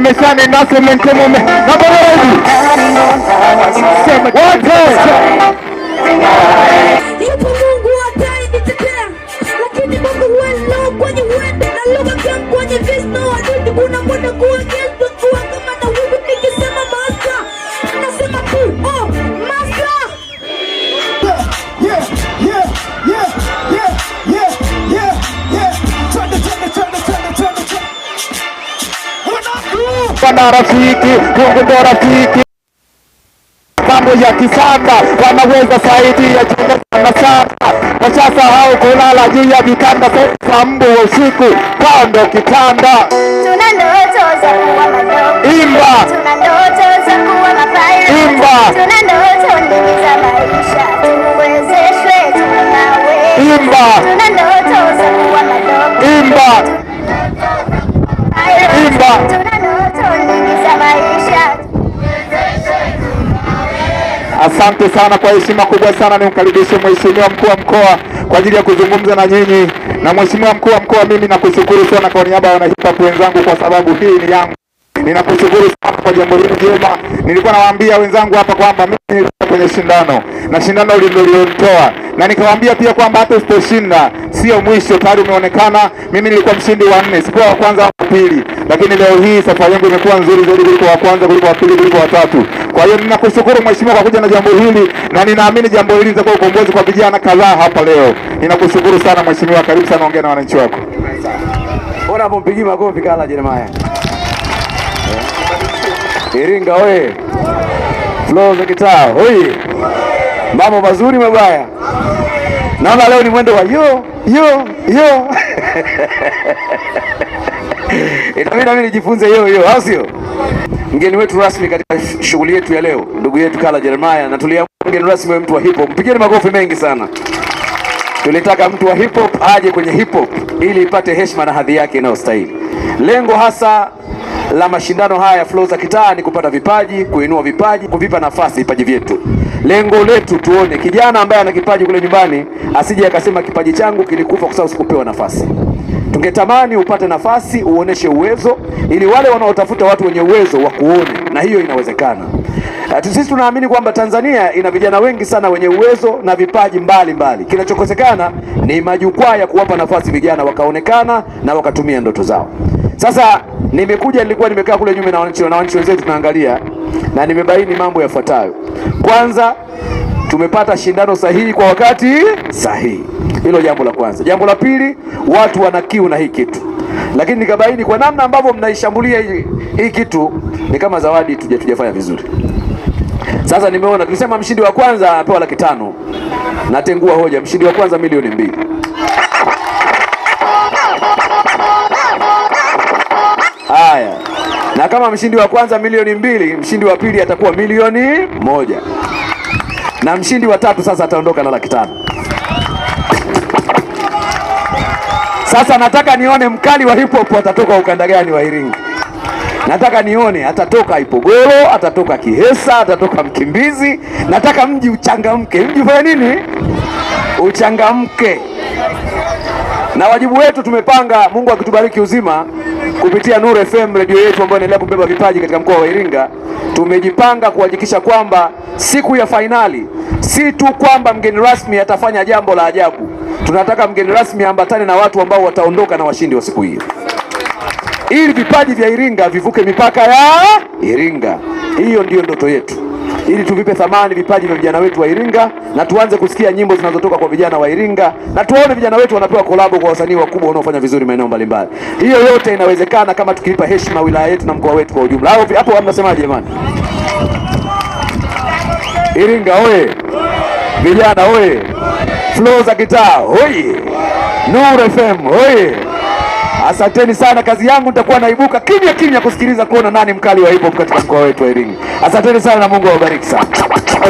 mmeshani nasi mlintimume naboredi wote na rafiki, Mungu ndo rafiki. Mambo ya kisasa wanaweza saidi ya jina sana. hao kulala juu ya vitanda saa mbu wa usiku, kwao ndo kitanda. Tuna za kuwa imba. za kuwa imba. za imba. za kuwa imba, imba. Asante sana kwa heshima kubwa sana, nimkaribishe mheshimiwa mkuu wa mkoa kwa ajili ya kuzungumza na nyinyi. Na mheshimiwa mkuu wa mkoa, mimi nakushukuru sana kwa niaba ya wanahiphop wenzangu, kwa sababu hii ni yangu. Ninakushukuru sana kwa jambo hili jema. Nilikuwa nawaambia wenzangu hapa kwamba mimi nilikuwa kwenye shindano na shindano lililonitoa, na nikawaambia pia kwamba hata usiposhinda sio mwisho, tayari umeonekana. Mimi nilikuwa mshindi wa nne, sikuwa wa kwanza wa pili, lakini leo hii safari yangu imekuwa nzuri zaidi kuliko wa kwanza, kuliko wa pili, kuliko wa tatu. Kwa hiyo ninakushukuru mheshimiwa kwa kuja na jambo hili, na ninaamini jambo hili litakuwa ukombozi kwa vijana kadhaa hapa leo. Ninakushukuru sana mheshimiwa, karibu sana, ongea na wananchi wako. Ora, hapo mpigi makofi kala Jeremiah? Iringa oye! Flow za kitaa oye! Mambo mazuri mabaya, naona leo ni mwendo wa yo yo yo itabidi nami nijifunze yo yo, au sio? Mgeni wetu rasmi katika shughuli yetu ya leo, ndugu yetu Kala Jeremiah, na tulia mgeni rasmi mtu wa hip hop. mpigeni makofi mengi sana. Tulitaka mtu wa hip hop aje kwenye hip hop ili ipate heshima na hadhi yake inayostahili. Lengo hasa la mashindano haya ya Flow za Kitaa ni kupata vipaji, kuinua vipaji, kuvipa nafasi vipaji vyetu. Lengo letu tuone kijana ambaye ana kipaji kule nyumbani asije akasema kipaji changu kilikufa kwa sababu sikupewa nafasi. Tungetamani upate nafasi, uoneshe uwezo, ili wale wanaotafuta watu wenye uwezo kuone, na hiyo inawezekana. Ah, sisi tunaamini kwamba Tanzania ina vijana wengi sana wenye uwezo na vipaji mbalimbali. Kinachokosekana ni majukwaa ya kuwapa nafasi vijana wakaonekana na wakatumia ndoto zao. Sasa nimekuja, nilikuwa nimekaa kule nyuma na wananchi na wananchi wenzetu tunaangalia, na nimebaini mambo yafuatayo. Kwanza, tumepata shindano sahihi kwa wakati sahihi. Hilo jambo la kwanza. Jambo la pili, watu wana kiu na hii kitu, lakini nikabaini kwa namna ambavyo mnaishambulia hii, hii kitu ni kama zawadi, tujafanya vizuri. Sasa nimeona tukisema mshindi wa kwanza anapewa laki tano, natengua hoja, mshindi wa kwanza milioni mbili. kama mshindi wa kwanza milioni mbili, mshindi wa pili atakuwa milioni moja na mshindi wa tatu sasa ataondoka na laki tano. Sasa nataka nione mkali wa hip hop atatoka ukanda gani wa Iringa. Nataka nione atatoka Ipogoro, atatoka Kihesa, atatoka Mkimbizi. Nataka mji uchangamke, mji fanya nini? Uchangamke na wajibu wetu tumepanga, Mungu akitubariki uzima, kupitia Nuru FM redio yetu ambayo inaendelea kubeba vipaji katika mkoa wa Iringa, tumejipanga kuhakikisha kwamba siku ya fainali si tu kwamba mgeni rasmi atafanya jambo la ajabu, tunataka mgeni rasmi ambatane na watu ambao wataondoka na washindi wa siku hiyo, ili vipaji vya Iringa vivuke mipaka ya Iringa. Hiyo ndiyo ndoto yetu ili tuvipe thamani vipaji vya vijana wetu wa Iringa na tuanze kusikia nyimbo zinazotoka kwa vijana wa Iringa na tuone vijana wetu wanapewa kolabo kwa wasanii wakubwa wanaofanya vizuri maeneo mbalimbali. Hiyo yote inawezekana kama tukilipa heshima wilaya yetu na mkoa wetu kwa ujumla. Hapo hapo hamnasemaje jamani? Iringa oye! Vijana oye! Flow za gitaa oye! Nuru FM oye! Asanteni sana, kazi yangu nitakuwa naibuka kimya kimya kusikiliza kuona nani mkali wa hip hop katika mkoa wetu wa Iringa. Asanteni sana na Mungu awabariki sana.